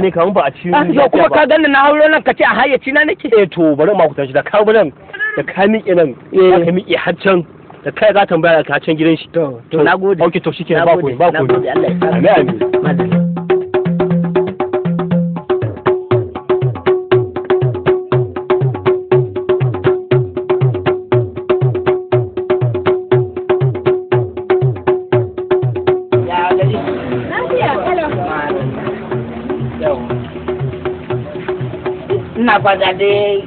ne kamun ba a cikin an ah, kuma ka ganni na hauro nan ka ce a hayyaci na nake eh to bari ma ku tashi da ka nan da ka miƙe nan eh. ka miƙe har can da kai za tambaya ka can gidan shi to to nagode okay to shikenan ba ku ba ku Allah ya amin amin faɗa dai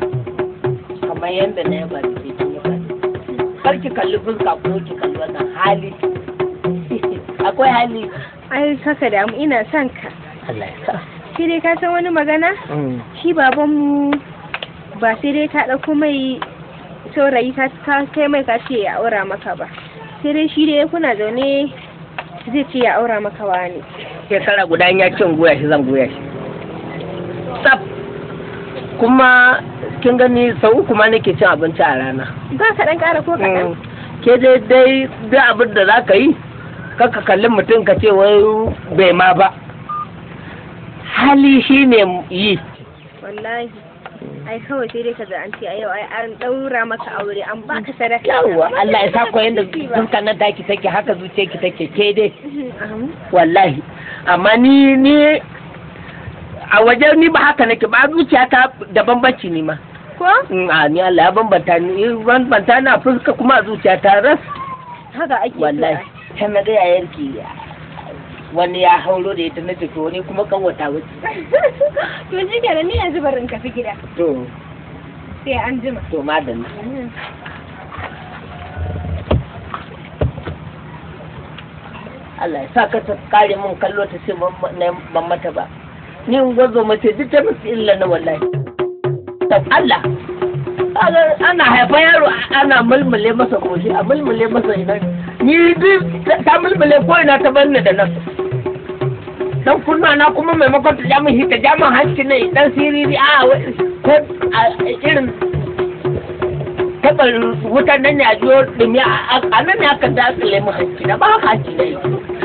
kamar yadda na yaba da ke ba da kar kalli fuska ko ki kalli wannan hali akwai hali ai kaka da ina son ka Allah ya sa shi dai ka san wani magana mm. shi babanmu ba sai dai ka ɗauko mai saurayi ka kai mai ka ce ya aura maka ba sai dai shi dai kuna zaune zai ce ya aura maka wani shekara guda in ya cin goya shi zan goya shi kuma kin gani sau uku ma nake cin abinci a rana ba ka dan kara ko kaɗan mm. ke dai dai duk abin da za ka yi ka kalli mutum ka ce wai bai ma ba hali shi ne yi wallahi ai kawai sai dai ka za ce a yau ai an daura maka aure an baka sadaka yawa Allah ya sa ko yanda fuskar nan daki take haka zuciyarki take ke dai mhm. wallahi amma ni ni a waje ni ba haka nake ba zuciya ta da bambanci ne ma ko mm, a ni Allah ya bambanta ni bambanta na fuska kuma zuciya ta ras haka ake wallahi ta na ga yarki wani ya hauro da ita na tafi wani kuma wata wuce to shi ke ni yanzu barin ka fi gida to sai an jima to madalla mm-hmm. Allah ya sa ka kare mun kallo ta sai ban mata ba ni in gwazo mace duk ta musu illa na wallahi Allah ana haifa yaro ana mulmule masa koshi a mulmule masa ina ni duk ta mulmule ko ina ta banne da nan dan kunna na kuma maimakon ta ja min hita ja min hanci ne dan siriri a ko irin taɓa wutan nan ya jiyo dumi a nan da aka dakile mu hanci na ba haka hanci ne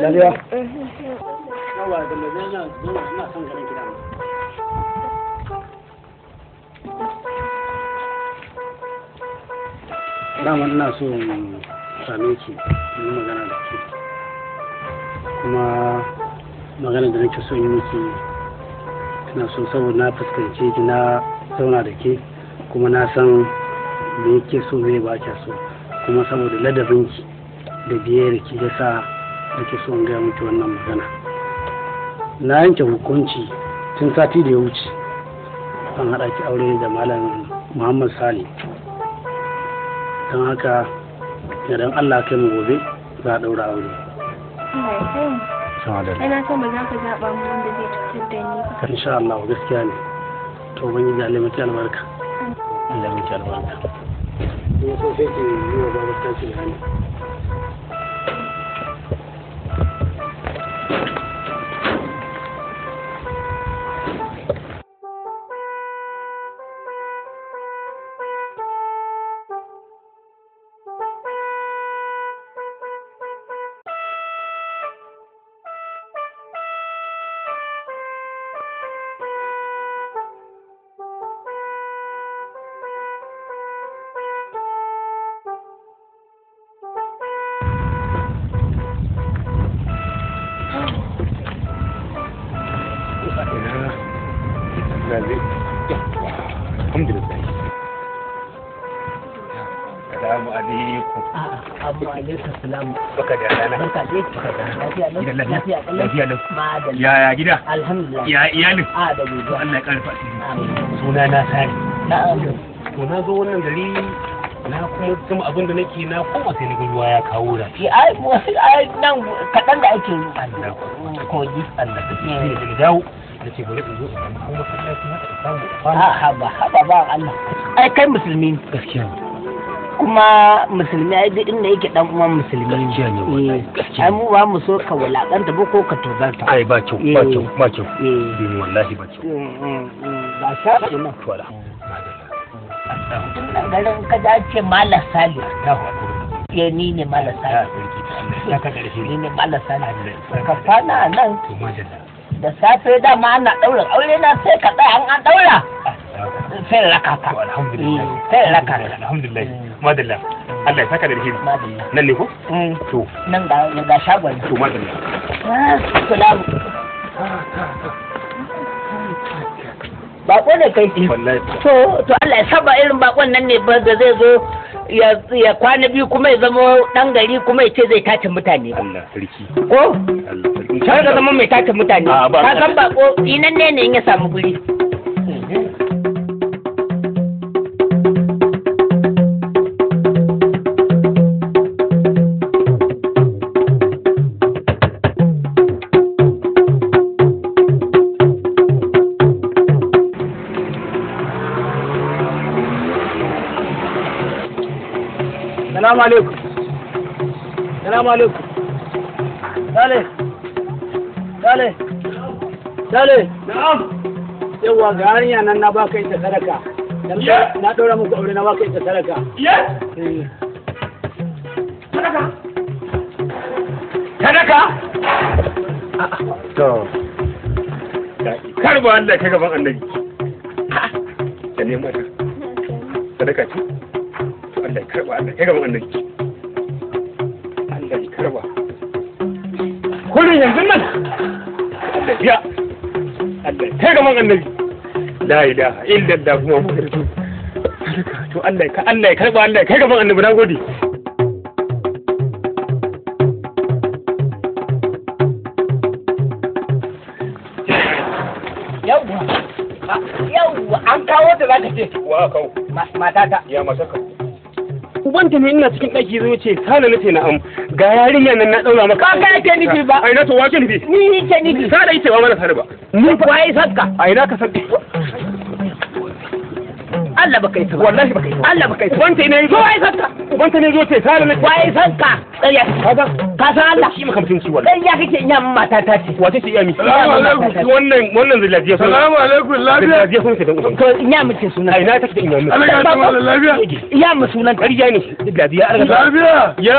Lariya. so same yi magana da ke kuma magana nake so yi miki ina so saboda na fuskanci ki na zauna da ke kuma na san me ke so zai ba so kuma saboda ladabin ki da biyar ki ya sa nake so gaya miki wannan magana na yanke hukunci tun sati da ya wuce an haɗa ki aure da malam muhammad sali don haka idan allah kai mu gobe za a ɗaura aure Ina so ba za ka wanda zai cutar da ni Insha Allah gaskiya ne. To ban yi jale miki albarka. Allah miki albarka. Ni so sai ki yi wa babar ta ci assalamu da ya gida ya ah, a ya suna na na zo wannan gari na kuma gama abin da nake na koma sai na ruwa ya kawo da shi ai ai nan da ake yi Allah mm. kogi Allah da shi da dawo da ce bari in zo kuma sai na samu ah, ba haba ba Allah ai kai musulmi gaskiya kuma musulmi ai duk inda yake dan uwan musulmi ne eh, ai mu ba mu so ka wulakanta ba ko ka tozarta ai ba kyau ba kyau eh, ba kyau eh. mm, wallahi ba kyau mm, mm, ba sha to la wala garin ka da ce malam sali ya ni ne malam sali ni ne malam sali ka fana nan da safe da ma ana daura aure na sai ka tsaya an daura ah, sai raka ka sai raka alhamdulillah madalla Allah ya saka da rahimi nan ne ko eh. to nan ga ga shagon to madalla ah, salamu bako ne kai to to Allah ya saba irin bakon nan ne ba da zai zo ya kwana biyu kuma ya zama dan gari kuma ya ce zai tace mutane Allah sarki ko Allah sarki mai tace mutane ka san bako inan ne ne in ya samu guri salamu alaikum salamu alaikum dale dale dale na'am yawa ga nan na baka ita sadaka na ɗora muku aure na baka ita sadaka eh. sadaka sadaka to karba Allah ka gaban annabi ta ta sadaka Allah karba Allah ya Allah ya karba yanzu nan Allah ya Allah ya gaba annabi la ilaha to Allah ya Allah karba Allah ya kai annabi nagode yawwa yawwa an kawo ta zaka ce wa kawo matata ya mataka ubanta ne ina cikin ɗaki zo ce sala na ce na'am ga yarinya nan na ɗaura maka ka kai ke nifi ba ai na to wace nifi ni ke sai sala yace ba mana sala ba ni ko ai sakka ai na ka sakka Allah baka isa wallahi baka Allah baka isa wanta ne zo ai sanka wanta ne zo ce sare ne wai sanka tsaya kaga ka san Allah shi maka mutunci wallahi ya kake iya mata ta ce wace ce iya mi wannan wannan zilajiya sun assalamu alaikum lafiya zilajiya sun ce dan uban to iya mu ce sunan ai na take da iya mu lafiya iya mu sunan ƙarya ne zilajiya ta lafiya ya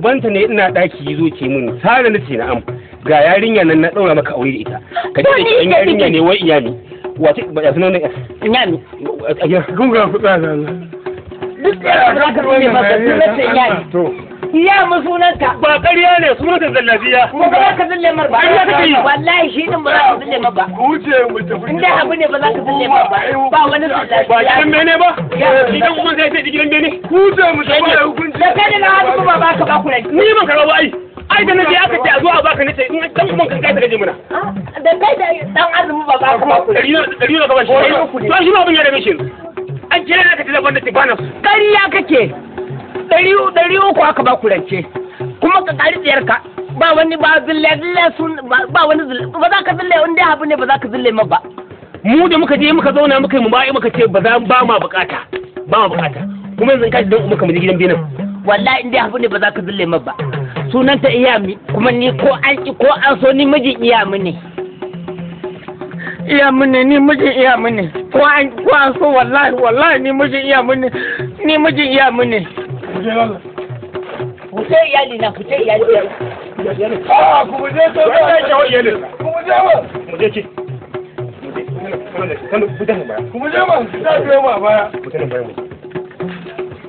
ubanta ne ina daki zo ce mun sare ne ce na ga yarinya nan na daura maka aure da ita ka ce yarinya ne wai iyali wace ba ya sunan ne a gida kun ga duk da za ka ne ba ka sunan ta ina ne to iya mu sunanta ba ƙarya ne sunanta zallabiya ko ba ka zalle mar ba ƙarya kake yi wallahi shi din ba za ka zalle mar ba wuce mu tafi in dai abu ne ba za ka zalle mar ba ba wani zallabiya ba gidan mene ba shi kuma sai ta gidan mene wuce mu tafi da hukunci da kai da na hadu ba ba ka ba ku ni ban karɓa ai ai da naje aka ce a zuwa a baka nace in dan uban kan kai daga jimina ah, da kai da dan azumi ba ba kuma dari dari na gaban shi to shi ba bin ya da mishin an kira na ka telefon da tibana kariya kake dari dari uku aka ba ku kuma ka kari tsayar ka ba wani ba zille zille sun ba wani zille ba za ka zille wanda abu ne ba za ka zille ma ba mu da muka je muka zauna muka yi mu ba'i muka ce ba za ba ma bukata ba ma bukata kuma yanzu in kashi don muka mu gidan benin wallahi in dai hafi ne ba za ka zille ma ba iya iyami kuma ni ko an ki ko an so ni mijin iyami ne iyami ne ni mijin iyami ne ko an ko an so wallahi wallahi ni mijin iyami ne ni mijin iyami ne Kuce iyali na kuce iyali iyali. Ah, kuma je to ba ta iyali. Kuma je ba. kuma je ki. Mu je. Kan budan ba. Kuma je kuma ta biyo ba baya. Budan kuma mu.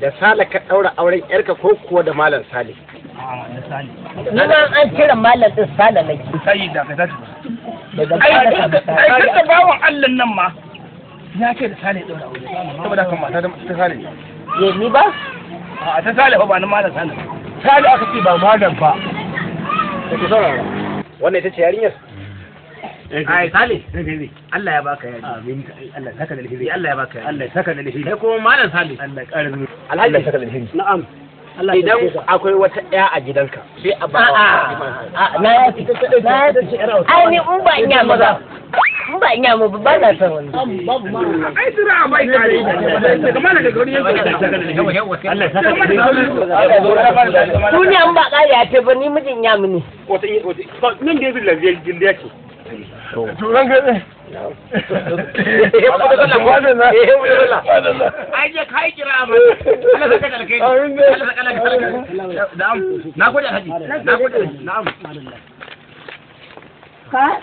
da sale ka ɗaura auren yarka ko kuwa da malam sale ni ma an cire malam din sale nake sai da ka tafi. ai da bawan Allah nan ma ya ce da sale ɗaura aure saboda kan mata ta sale ye ni ba a ta sale ba na malam sale sale aka ce ba malam ba wannan ita ce yarinyar Eh, ai eh, sale eh, Allah ya baka yaji amin Allah saka da alheri Allah ya baka yaji Allah saka da alheri kai kuma malam sale Allah Allah saka da na'am idan akwai wata ƴa a gidanka sai a ba na ya ci na ya ci ai ni in ba in ya maza in ba in ya mu ba na san wani ma ai sira bai kare daga mana daga wani yanzu Allah ya saka da duniya in ba kare ya ce ba ni mijin ya mu ne wata wata nan da yake lafiyar ce turan eh, ka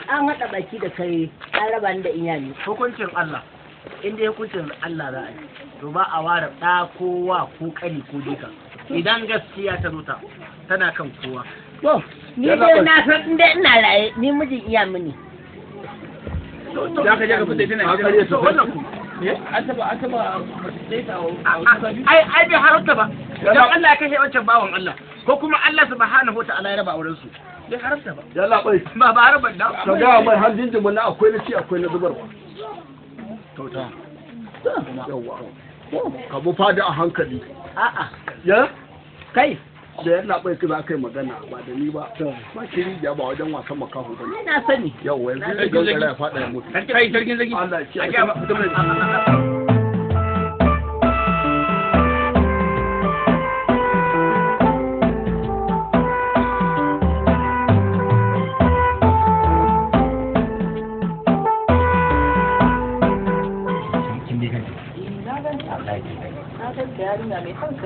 an baki da kai an raba da iyali hukuncin Allah in dai hukuncin Allah za a yi to ba a ware ɗa kowa ko ko duka idan gaskiya ta zo tana kan kowa to ni dai na san inda ina raye ni mijin iya mini za ka je ka fita tana gidan wannan kuma eh? an taba an taba ai ai bai haranta ba don Allah ya kashe wancan bawan Allah ko kuma Allah subhanahu wataala ya raba auren su bai haranta ba yalla bai ba ba harba da ka ga mai har jinjin mun akwai na ci akwai na zubar. kyauta yawa ka bu fada a hankali a'a ya kai da yana bai ka za ka yi magana ba da ni ba ba ki yi ba wajen wasan makahu ba na sani yau yanzu ne ga gara ya faɗa ya mutu kai sarkin zaki Allah ya ci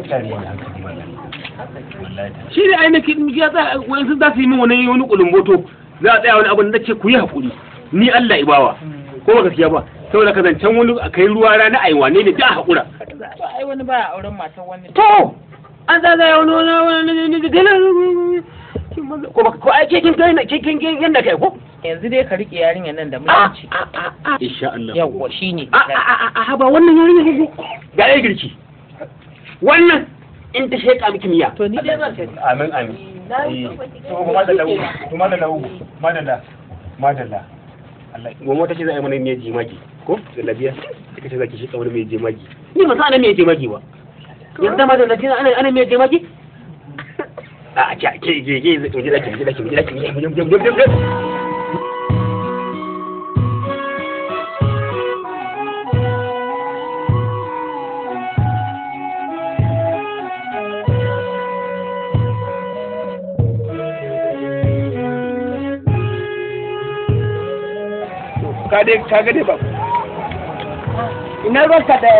Thank you. shi ne ainihin ya tsaya wani za su yi min wani wani kulumboto za a tsaya wani abu da ce ku yi hakuri ni Allah ibawa ko ba gaskiya ba saboda ka zancen wani a kai ruwa rana ai wane ne da hakura ai wani ba auren matan wani to an zazaya wani wani wani wani wani ko ko ai ke kin kai ke kin yanda kai ko yanzu dai ka rike yarinyar nan da mutunci insha Allah yawa shine a a a ba wannan yarinya ko ga girki wannan in ta sheƙa miki miya to ni dai zan sai amin amin to madalla ugu madalla madalla goma ta ce za a yi mana ko da labiya ita ce za ki wani mai jimagi ni ba sa ana mai jimagi ba yanzu ma da latina ana ana mai jimagi a ke ke ke ke ke ke ke ke ke ke ke ke ke ke ke ke ka dai ka ga dai ba ina ka da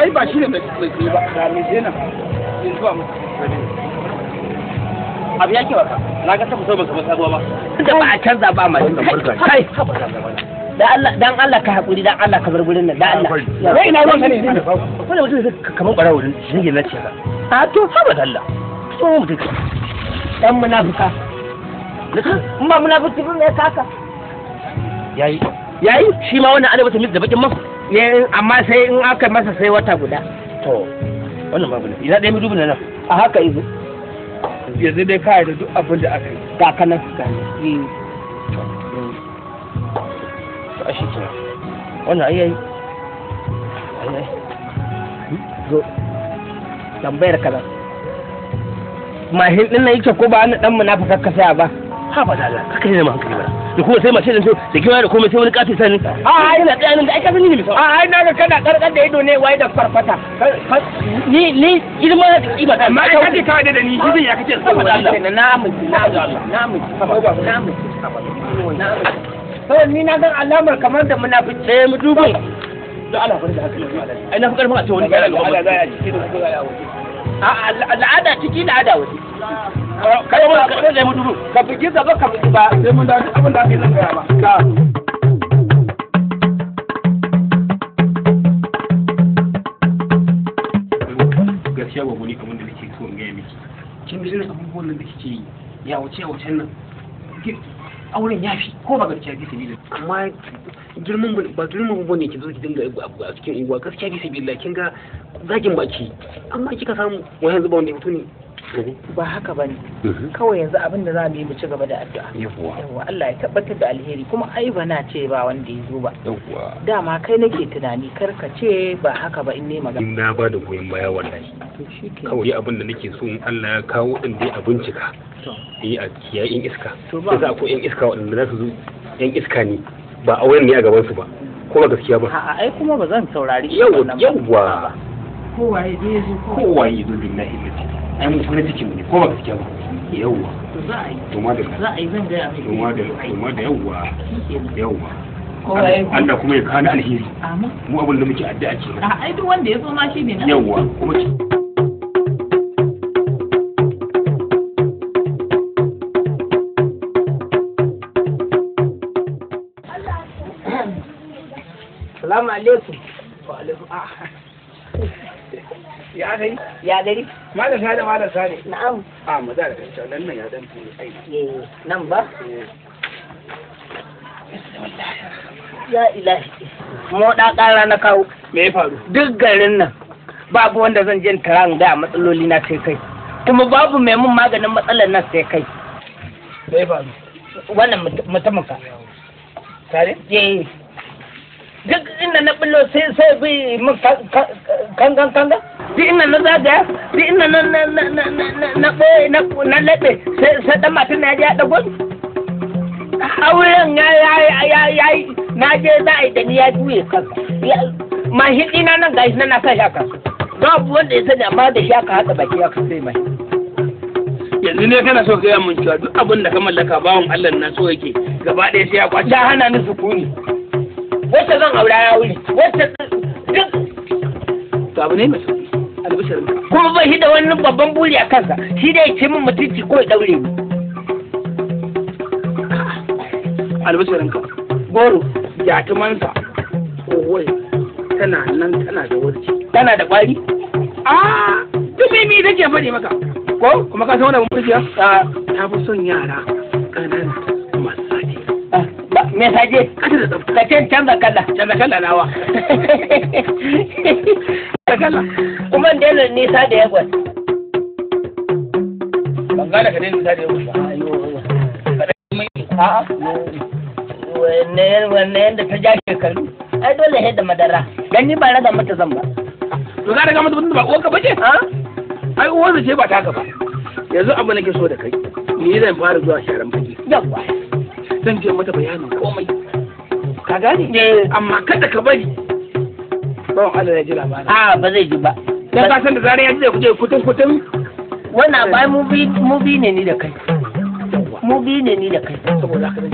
ai ba shi ne mai kai ba ga mai zena yanzu ba mu abu yake ba na ga tabbata ba ka sabuwa ba da ba a canza ba ma kai dan Allah ka hakuri, dan Allah ka bar gurin nan dan Allah wai ina ruwanka ne wannan mutum kamar bara wurin shige na ciyar a to saboda Allah so mutum dan munafuka in ba kaka yayi yayi shi ma wannan ana masa mix da bakin amma sai in aka masa sai wata guda to wannan ba ne ina ɗaya dubu nan a haka izo yanzu dai kai da duk abin da aka yi ga kanan ga ne eh. mm. to a shi ke wannan ai ai zo tambayar kaza mahin din nan yake ko ba ni dan na fa kakkasa ba ha da Allah ka ne ma hankali mana da kuma sai mace da da kima da komai sai wani kafi sani a ai ina tsaya nan da ai kafin ni ne a ai na ga kana karkar da ido ne wai da farfata ni ni girma da kima ta amma ka ji ka da ni shi ya kace sai da Allah na mu na Allah na mu na mu kawai ni na gan alamar kamar da munafici sai eh, mu duba da Allah bari da hankali ai na fi karfin a ce wani gyara ga Allah ya ji a al'ada ciki na ada waje kai mun ka dai mu dudu ka bugi ka ba sai mun da abin da ake ba gaskiya ba da nake so in gaya miki kin abubuwan nan da kike yi ya wuce nan auren ya fi ko ba gaskiya bisa amma girman ba girman ba ne ki zo ki dinga a cikin unguwa gaskiya bisa bi kin ga zagin baki amma kika samu wani yanzu ba wanda ya ne ba haka bane mhm. kawai yanzu abin da za mu yi mu ci gaba da addu'a yawwa Allah ya tabbatar da alheri kuma ai ba na ce ba wanda ya zo ba dama kai nake tunani kar ka ce ba haka ba in ne magana na ba da goyon baya wallahi kawai abin da nake so in Allah ya kawo din dai a bincika yi a kiyayen iska za ko yan iska wanda za su zo yan iska ne ba a wayan ne a gaban su ba ko ba gaskiya ba a'a ai kuma ba zan saurari yawwa yawwa kowaye ya zo kowaye zo billahi ai mun farin cikin ne ko ba gaskiya ba yawwa kuma da kuma da ma da yawwa yawwa Allah kuma ya kana alheri mu abin da muke addu'a ce a ah, ai duk wanda ya zo ma shi ne na yawwa kuma Salamu alaikum. gari ya na'am ah, a mu da nan ya dan fi eh, nan ba eh. ya ilahi da ƙara na kawo me ya faru duk garin nan babu wanda zan jin taran da matsaloli na sai kai kuma babu mai mun maganin matsalar nan sai kai me ya faru wannan tare eh. duk inda na bullo sai sai bi mun kanga kanga duk ina na zagaya duk ina na na na na na na na na laɓe sai ɗan matan na auren ya ya ya na je za a yi da ni juye kan ma hiɗi na nan gashi na na kan shaka abu wanda ya sani amma da shaka haɗa baki ya sai mai yanzu ne kana so gaya mun cewa duk abin da ka mallaka bawan Allah na so yake gaba ɗaya sai ya kwace hana ni sukuni wacce zan aura ya wuri wacce duk ka? abu ne mai kuma ba shi da wani babban buri a kansa shi dai ce min mutunci ko ya daure ni albasirinka goro jatumansa kowai tana nan tana da wurci tana da kwari a duk mimi take faɗi maka ko kuma ka san wani abin murfiya ta fi son yara ƙanana masu saje me saje ka canza kala canza kala nawa canza kala Usman daina nisa da Lagos. Ban gane ka daina nisa da Lagos ba. A'a. Wanne yadda ta ja shekaru. Ai dole sai da madara. Dan ni ba raga mata zan ba. To ka raga mata mutum ba uwarka bace? Ha? Ai uwarsa ce ba taka ba. Yanzu abu nake so da kai. Ni zan fara zuwa sharan fage. Yawwa. Zan je mata bayanin komai. Ka gane? Eh. Amma kada ka bari. Bawan Allah ya ji labarin. A ba zai ji ba. dan ka san da zarar ya ji da kuje kutun kutun wannan bai mu bi ne ni da kai Mu bi ne ni da kai saboda haka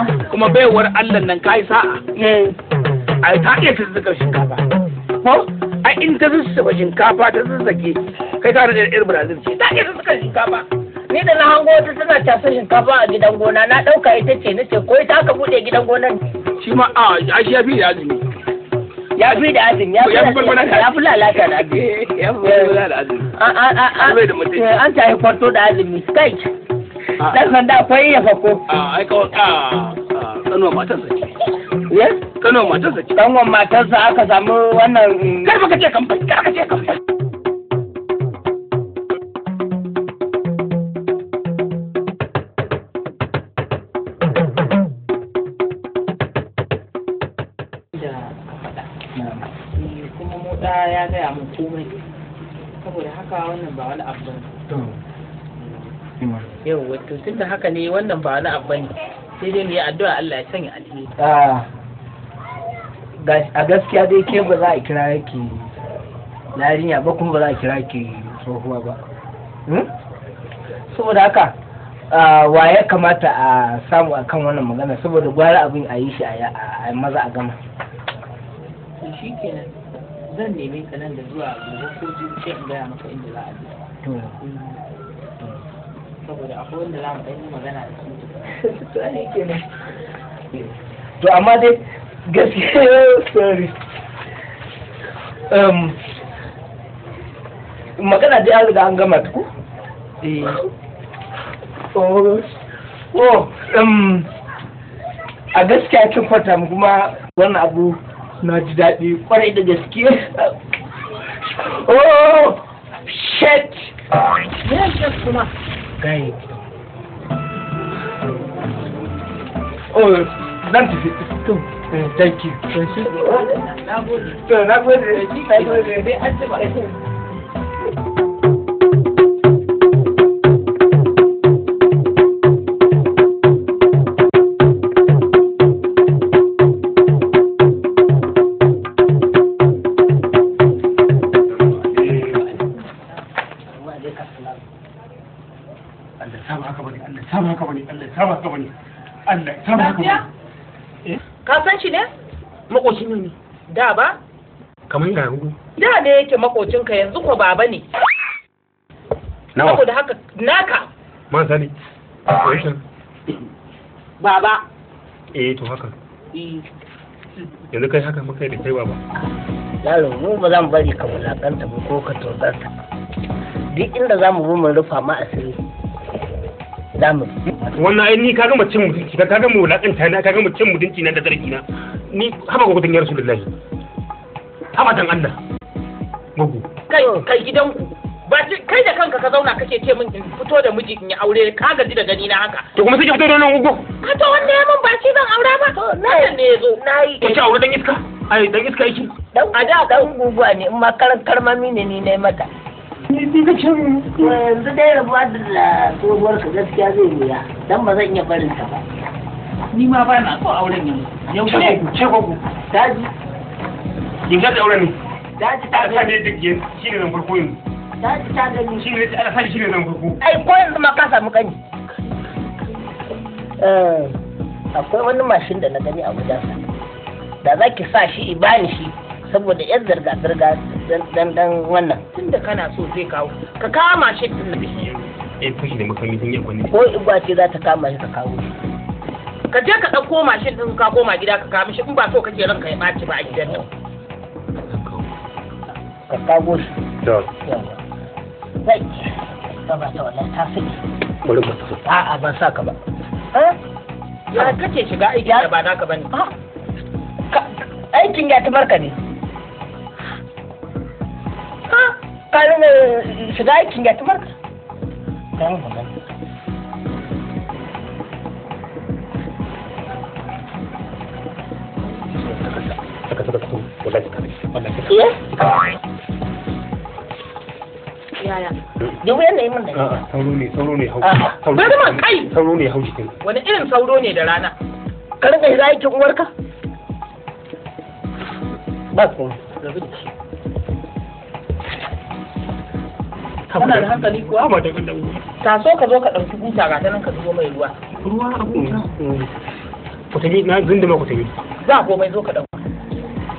ah. kuma baiwar Allah nan kai sa'a eh. ai ta iya ta zuka shinkafa ko ai in ta zuba shinkafa ta zuzzage kai ta da yar Brazil ce ta iya ta zuka shinkafa ni da na hango wata tana tasa shinkafa a gidan gona na ɗauka ita ce nace ko ita aka buɗe gidan gonan shi ma a ah, shi ya fi ya azumi ya fi da azumi ya fi lalata da azumi ya fi da azumi eh, an ta yi da azumi kai dan da akwai ya fako a aikawa a kanuwa matarsa ce kanuwa matarsa ce kanuwa matarsa aka samu wannan mm, kar baka ce kamfani ce kamfani komai saboda haka wannan ba wani abu ne yau wato tun da haka ne wannan ba wani abu ne sai dai ya addu'a Allah ya sanya alheri ah. a gaskiya dai ke ba za a kira ki yarinya ba kuma ba za a kira ki tsohuwa ba hmm? saboda haka ah, wa ya kamata a samu a kan wannan magana saboda gwara abin a yi shi a maza a gama shi kenan zan neme ka nan da zuwa gobe ko jibi sai in gaya maka inda za a je to eh, saboda akwai wanda za mu ɗan yi magana da su to ai kenan to amma dai gaskiya sorry um, magana dai an riga an gama tuku? eh oh, oh um, a gaskiya kin kwata kuma wannan abu that ji daɗi into the skin. oh shit kuma gai oh zan tafi to thank you Thank you. kamar ya hmm. hudu da ne yake makocinka yanzu ko baba ne nawa saboda haka naka man sani Operation. baba eh to haka eh. yanzu kai haka muka yi da kai baba Lalo mu ba za mu bari ka wulakanta ba ko ka tozarta duk inda za mu mu rufa ma asiri za mu wannan ai ni kaga cin mutunci ka kaga mu wulakanta na kaga cin mutunci na da zargi na ni haba ko kudin ya rasulullahi abadan Allah mugu kai kai gidanku ba kai da kanka ka zauna kake ce min in fito da miji in yi aure ka gaji da gani na haka to kuma sai fito da nan gugu. ka to wanda ya mun ba shi zan aura ba to nan ne yazo nayi ko ci aure dan iska ai dan iska yake a da dan gugu ne in ma karan karmami ne ni ne mata ni ka cin yanzu dai rabuwa da tsohuwar ka gaskiya zai ya dan ba zan iya barin ta ba ni ma ba na so auren yanzu yau ne ce ku ta ji Gingar da auren ne. Ala ta ne duk yin shi ne zan farko ta Shi ne ala sa shi ne zan farko. Ai ko yanzu ma ka samu kani. Eh, akwai wani mashin da na gani a wajensa. Da za ki sa shi ibani shi saboda yan zirga-zirga dan dan wannan tunda kana so zai kawo ka kawo mashin din eh, da shi. Eh kushi ne makami sun yi kwanne. Ko igwa ce za ta kama shi ka kawo shi. ka je ka ɗauko mashin ɗin ka koma gida ka kawo mishi in ba so kake ranka ya ɓaci ba a gidan nan. ka kago shi to sai ka ba ta ta ba ta a a ban saka ba ya kace shiga aikin da ba naka bane aikin ya ta ne ka shiga aikin ya ta barka dan ka saka su wallahi ka kare wannan ka yaya dubu yanda yi mun sauro ne sauro ne hau sauro ne hau jikin wani irin sauro ne da rana ka rinka hira yakin uwarka ba su rabu da shi kana da hankali kuwa da ta so ka zo ka ɗauki buta ga ta nan ka zubo mai ruwa ruwa a buta ku tafi na zindima ku tafi za komai zo ka ɗauki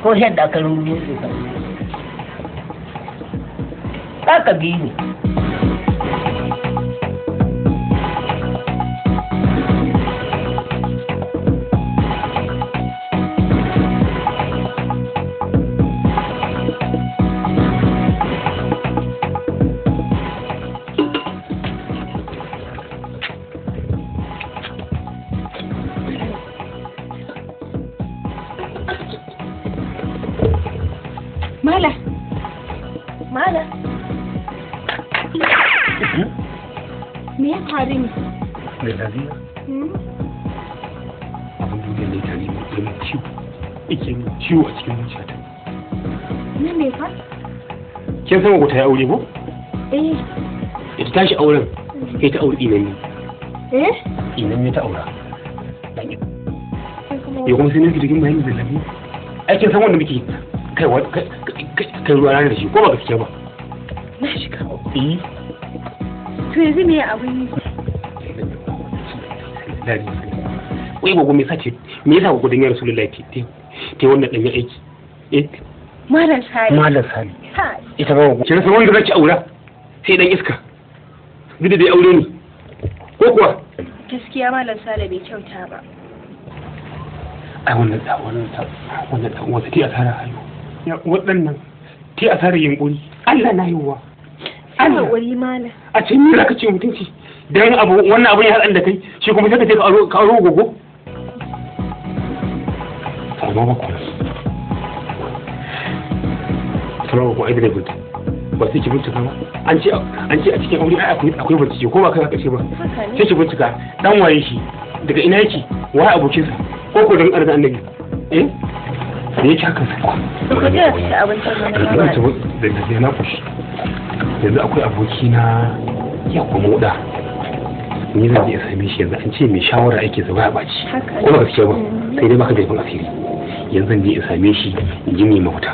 ko yadda aka rubuto su ka bi ne Me ya faru ne? Mai lafiya? Hmm? Abin duniya ne tare ne ke min ciwo. Ike ciwo a cikin zuciyata. Na me fa? Kin san ta yi ko? Eh. tashi auren, hmm. sai ta aure inanni. Eh? Inanni ta aura. kuma sai na fi jikin bayan zallabi. Ai kin san wanda muke kai ruwa ranar da ko ba gaskiya ba. Na to yanzu me abin yi wai gogo me sace me yasa gogo dan ya rasulullahi te te wannan dan ya aiki eh malam sani malam sani ita ba gogo kin san wanda ci aura sai dan iska duk da dai aure ne ko kuwa gaskiya malam sale bai kyauta ba ai wannan da wannan ta wannan da wata ti asara hayo waɗannan ti asara yin Allah na yiwa a ce mira ka ce mutunci don abu wannan abun ya haɗa da kai shi kuma sai ka ce ka aro gogo salama ba salama ba da ba sai ki ba an ce a cikin aure ai akwai ko ba kai ka ce ba sai ki dan waye shi daga ina yake ko ko dan annabi eh da yake haka sai abin da na yanzu akwai aboki na ya kuma da ni zan je same shi yanzu an ce mai shawara ake zuba a baci ko ba gaskiya ba sai dai baka da asiri yanzu zan je in same shi in ji mai mafuta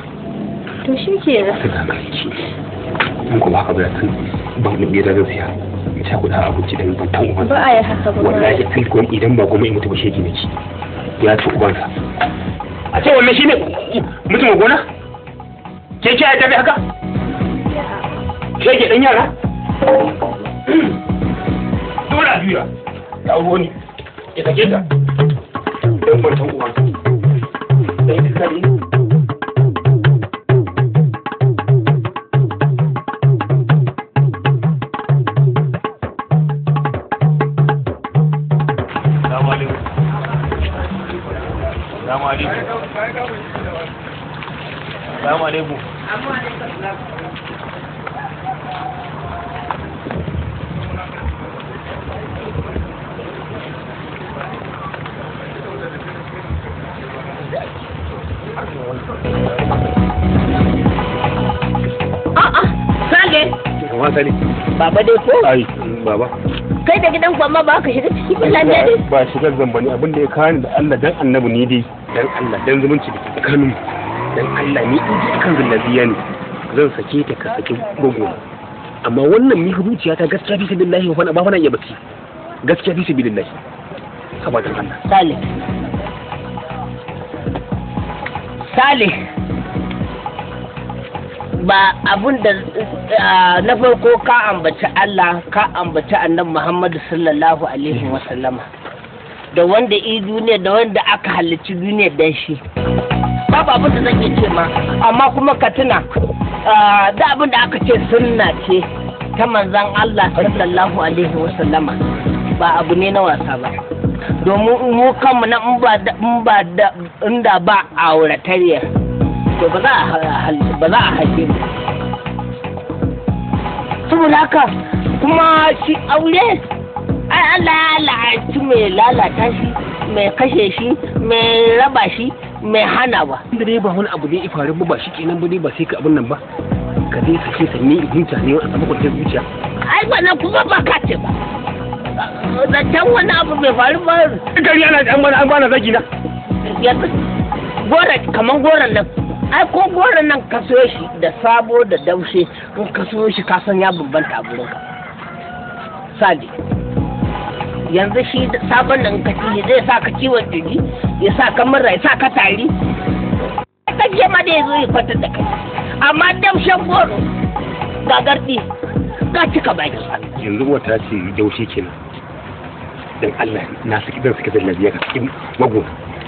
to shi ke ya su ga maliki in kuma haka ba tun ban da biyar zan siya in sha guda a abinci dan ban tan uban ba a yi haka ba wallahi alkuwan idan ba goma in mutu ba shege ci ya ci ubansa a ce wannan ne mutum gona ke ce ya tafi haka shege dan yara dole a juya ta auro ya sake ta dan barkan uwa dan iskari Assalamu alaikum. Assalamu alaikum. haka ne baba dai ko ai baba kai da gidan kwamma ba ka shiga ciki ba lafiya dai ba shigar zamba ne abin da ya kawo ni da Allah dan annabi ni dai dan Allah dan zumunci da tsakanin dan Allah ni in ji akan zallabiya ne zan sake ta ka sake gogo amma wannan mi zuciya ta gaskiya fi sabilillahi wa ba fana iya baki gaskiya fi sabilillahi saboda Allah salih salih ba abin da na farko ka ambaci Allah ka ambaci annabi Muhammadu sallallahu alaihi wasallama da wanda i duniya da wanda aka halicci duniya dan shi babu abin da zan ce ma amma kuma ka tuna da abin da aka ce sunna ce ta manzan Allah sallallahu alaihi wasallama ba abu ne na wasa ba domin mu kanmu na in ba da ba auratariya to ba za a haife mu saboda haka kuma shi aure ai Allah ya la'aci mai lalata shi mai kashe shi mai raba shi mai hana ba dare ba wani abu ne ya faru ba shi kenan ba ba sai ka abin nan ba ka dai sake sanni zuciya ne a samu kwanciyar zuciya ai wannan kuma ba ka ce ba zancen wani abu bai faru ba gari ana an bana zagi na yanzu goran kamar goran nan ai ko goron nan ka so shi da sabo da daushe in ka so shi ka san ya bambanta gurin ka sadi yanzu shi sabon nan ka ci zai sa ka ciwon jiri ya sa ka murra ya sa ka tari ka je ma dai zo ya kwatar da kai amma daushen goro ga gardi ga cika baki yanzu wata ce daushe kenan dan Allah na saki dan saki da lafiya ka cikin magona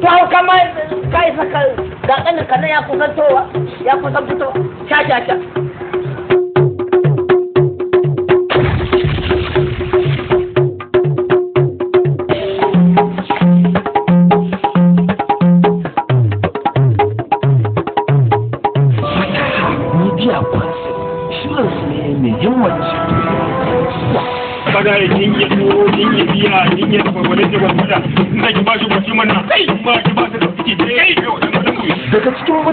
to hauka ma saka isa ga tsanin ka ya kusan towa ya kusan fitowa sha sha sha Kada ya kin yi turo, kin yi biya, kin yi tafa wani jibin da ba shi kwaci mana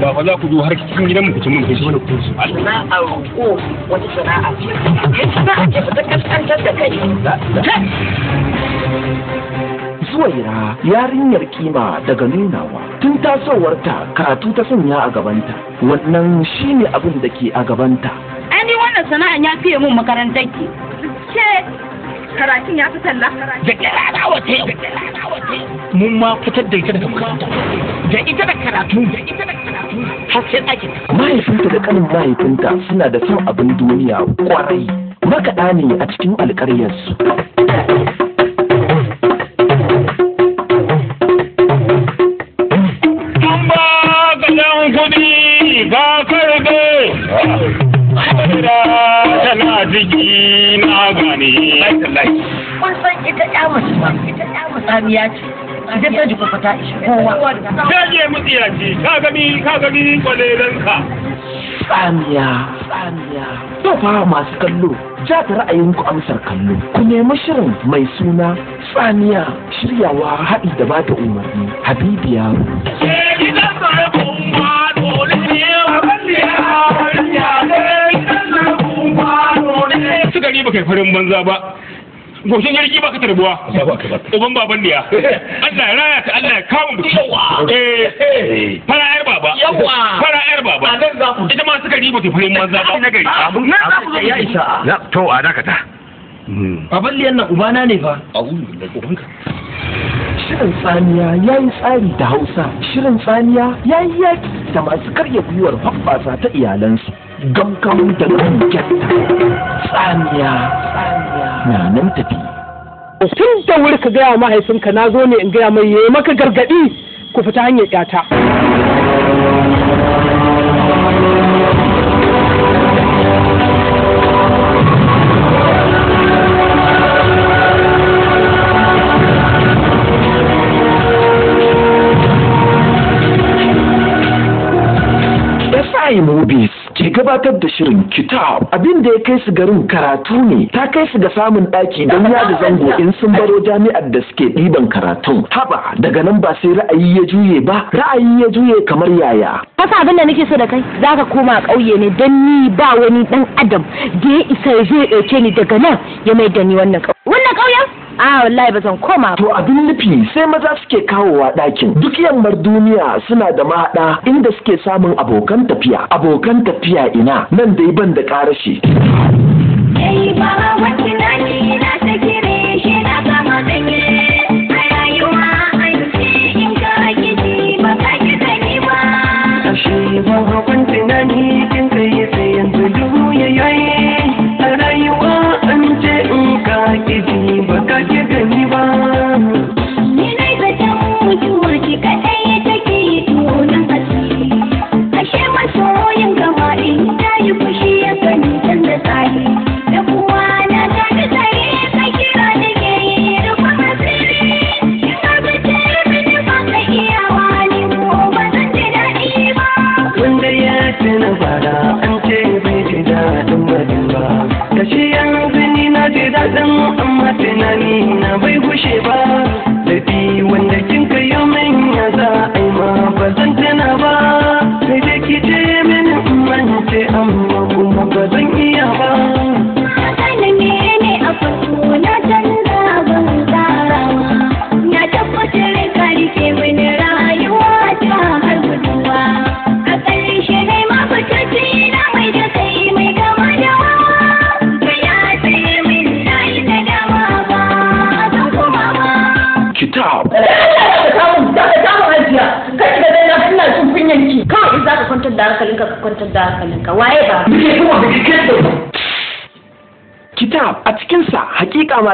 ba ba za ku zo har cikin gidan mu ku cin mun kashi wani ku su sana'a ko wata sana'a ce sana'a ce ta kaskantar da kai Zuwaira yarinyar kima daga nunawa tun tasowarta karatu ta sanya a gabanta wannan shine abin da ke a gabanta. Ani wannan sana'a ya fiye mun makarantar ki. Ce karatun ya fi talla? Da kirana wata yau. mun ma fitar da ita daga makaranta da ita da karatu da ita da karatu har sai ta. mahaifinta da kanin mahaifinta suna da son abin duniya kwarai makaɗa ne a cikin alƙaryarsu na Kun san ita ya musamman, ita ya musamman ya ce. ka je daji ko fata kowa ya ce ka gami ka gami kwalelan tsamiya tsamiya to fa masu kallo ja ta ra'ayinku amsar kallo ku nemi shirin mai suna tsamiya shiryawa haɗi da bada umarni habibi yaro Suka ni kai farin banza ba, goshin yarki baka tarbuwa uban baban diya Allah ya raya ta Allah ya kawo mu yawa eh fara yar baba yawa fara yar baba a nan za ku ita ma suka riba ta farin manza ba na gari A nan za ku zo ya isha to a dakata hmm. baban liyan nan ubana ne fa a da shirin tsamiya ya yi tsari da hausa shirin tsamiya ya yi yaki da masu karya gwiwar hoɓɓasa ta iyalansu gamkamu da gamkyatta tsamiya tsamiya na nan tafi Sun da wuri ka gaya mahaifinka na zo ne in gaya mai yayi maka gargaɗi ku fita hanyar ƴata I'm ke gabatar da shirin kitab abin da ya kai su garin karatu ne ta kai su ga samun ɗaki don ya da zango in sun baro jami'ar da suke ɗiban karatun haba daga nan ba sai ra'ayi ya juye ba ra'ayi ya juye kamar yaya kasa abin da nake so da kai za ka koma ƙauye ne don ni ba wani ɗan adam da ya isa ya zo ya ɗauke ni daga nan ya mai da ni wannan ƙauye ƙauyen a ah, wallahi ba zan koma to abin nufi sai maza suke kawowa ɗakin duk yammar duniya suna da mahaɗa inda suke samun abokan tafiya abokan tafiya ina nan dai ban da ƙarashi Hey, Baba, na your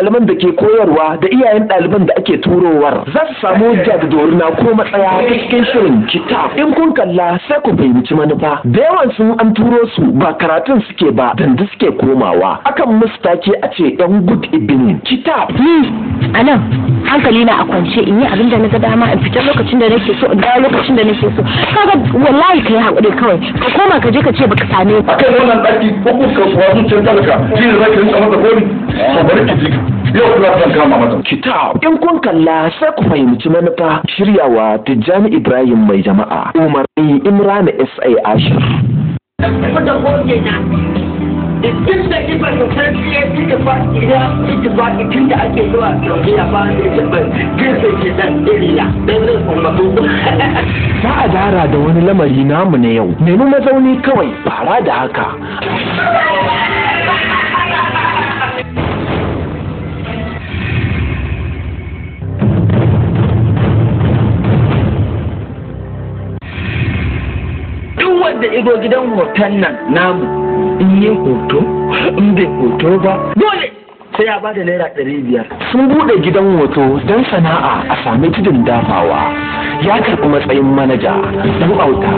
ɗaliban da ke koyarwa da iyayen ɗaliban da ake turowar za su samu jagdorina ko matsaya cikin shirin kita in kun kalla sai ku fahimci manufa da yawan sun an turo su ba karatun suke ba danda suke komawa akan mustaki a ce yan good evening kita anan hankali na a kwance in yi abin da na ga dama in fita lokacin da nake so in dawo lokacin da nake so kaga wallahi kai hakuri kawai ka koma ka je ka ce baka same ka kai wannan daki ko kuka su wasu can talaka shi ne zaka rinka masa gori to bari ki ji yau kuma zan kama mata kitab in kun kalla sai ku fahimci manufa shiryawa Tijjani Ibrahim mai jama'a Umar! umarni Imran S.A. Ashir da da ake zuwa za a dara da wani lamari namu na yau nemi mazauni kawai fara da haka wanda ido gidan hoton nan namu in yi hoto in bai hoto ba dole sai ya ba da naira ɗari biyar. Sun buɗe gidan hoto don sana'a a sami tudun dafawa. Ya karɓi matsayin manaja, ɗan auta,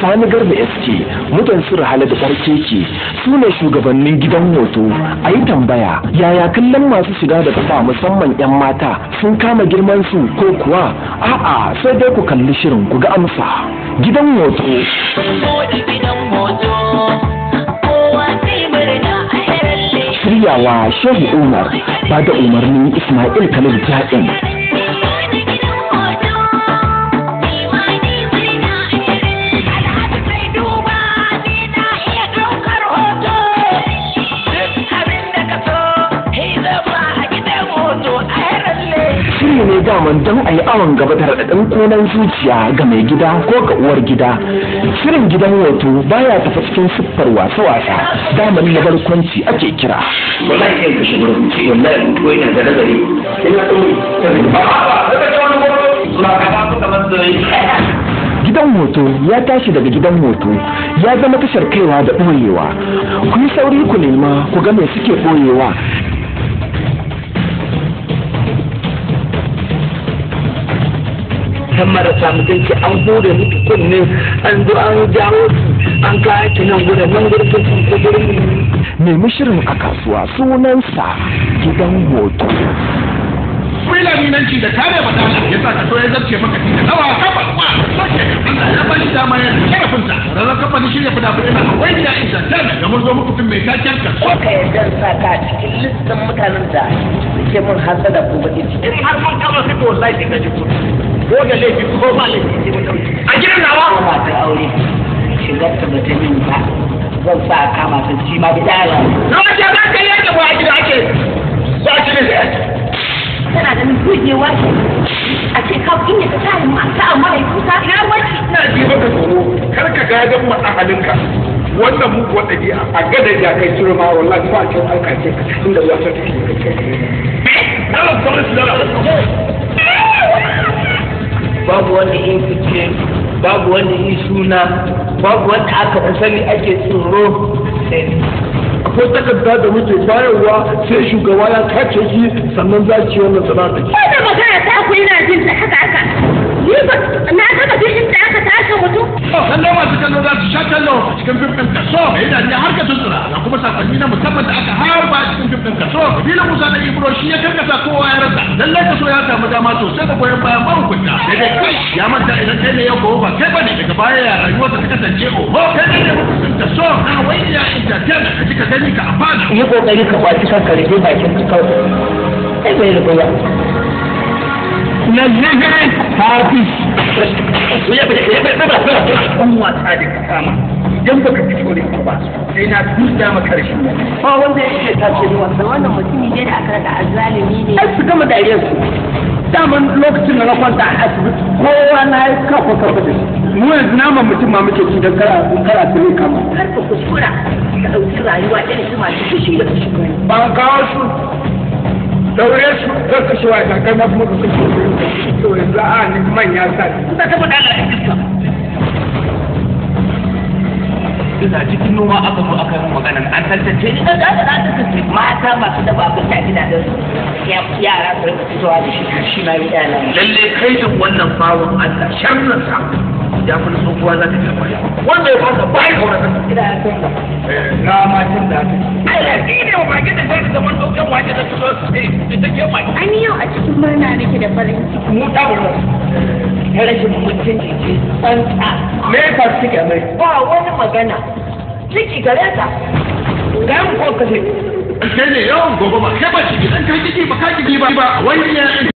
sani garba SK, mutan su rahala da sarkeke su ne shugabannin gidan hoto, A yi tambaya, yaya kallon masu shiga da fita musamman 'yan mata sun kama girman su ko kuwa? A'a sai dai ku kalli shirin ku ga amsa. gidan moto shiryawa shehu umar ba da umarnin ismail khalil ja'in daman don a yi awon gaba da raɗaɗin konan zuciya ga mai gida ko ga uwar gida shirin gidan wato baya tafi cikin siffar wasa-wasa daman na barkwanci ake kira gidan hoto ya tashi daga gidan hoto ya zama tashar kaiwa da ɓoyewa ku yi sauri ku nema ku ga mai suke ɓoyewa matan marasa mutunci an bude mutu kunnen an zo an jawo su an kawo ki nan gudan nan gudan sun ko gurin nemi a kasuwa sunansa gidan hoto filaminanci da kare mata ya sa ka so ya zarce maka ki da nawa ka ba kuma ba soke Allah ya bani dama ya kare funta ranar kafa ni shirya fada fada akwai gida in zanta da ga mun zo muku tun mai taken ka ko ka yarda sa ka cikin listan mutanen da suke mun hasa da gobe in har mun kama su to wallahi ka ji kuɗi ko da laifi ko ba laifi a gidan nawa ba ta aure shigar ta bata yin ba zan sa a kama ta shi ma bi dala na wace za ka yake ba a gida ake ba shi ne tana da ni gujewa a ce ka inda ta sa mu ta amma mai kusa ina wace ina ji ka tsoro kar ka gadan mu ahalinka wannan muku wata biya a gadar ya kai ciro ma wallahi ba a cikin alƙace inda ya ta take kai eh. kai babu wani in fice babu wani in suna babu wanda aka sani ake tsoro sai akwai takarda da muke bayarwa sai shugaba ya kace shi sannan za ki wannan sana'a da ki. Wanda magana ta ku yana jin ta haka haka. Ni ba na taba jin ta. haka aka mutu lalle masu kallo za su sha kallo a cikin fifin kaso mai a har ka tuntura ga kuma sakonni na musamman da aka harba a cikin fifin kaso kabilan musa da ibro shi ya karkasa kowa ya rasa lalle kaso ya samu dama sosai da goyon bayan mahukunta sai dai kai ya manta idan kai ne ya gowo ba kai ba ne daga baya ya rayuwa ta kasance oho kai ne ne mutum da so na wai ya intanet ka ji ka gani ka amfana yi kokari ka kwaci kanka rufe bakin ka kawai kai bai nazifi hafiz to ya bada ya bada ba an wata da kama idan baka fito da ba sai na tuta maka rashin ba wanda yake ta ce ni wannan wannan mutumi ne da aka rada azzalimi ne ai su gama dariyar su daman lokacin da na kwanta a asibiti kowa na yi kafa kafa da shi mu yanzu naman mutum ma muke ci don kara kara tare kama har ka kuskura ka ɗauki rayuwa irin su masu fushi da fushi ba kawo su daure su zan kashe wa ta kai maka kashe su to yanzu a ni manya sa ni ta kama da Allah ina cikin noma aka zo aka yi magana an tantance ni da da ta tantance mata masu da babu ta gida da yara su rika fitowa da shi shi ma yi lalle kai da wannan bawon Allah sharrin sa ya fi tsohuwa za ta ji kwaya wanda ya fasa ba ya kaura kan gida ya tsaya na matin da ta ai lafi ne wa bakin da zai zaman daukan waje da fito da ke mai an yau a cikin murna nake da farin ciki mu ta mu ya rashin mutunci ce tsantsa me ka suke mai ba wani magana ciki gare ta ga mu ko kaje sai ne yawan gobe ba kai ba ciki dan kai ciki ba ka ciki ba wani ya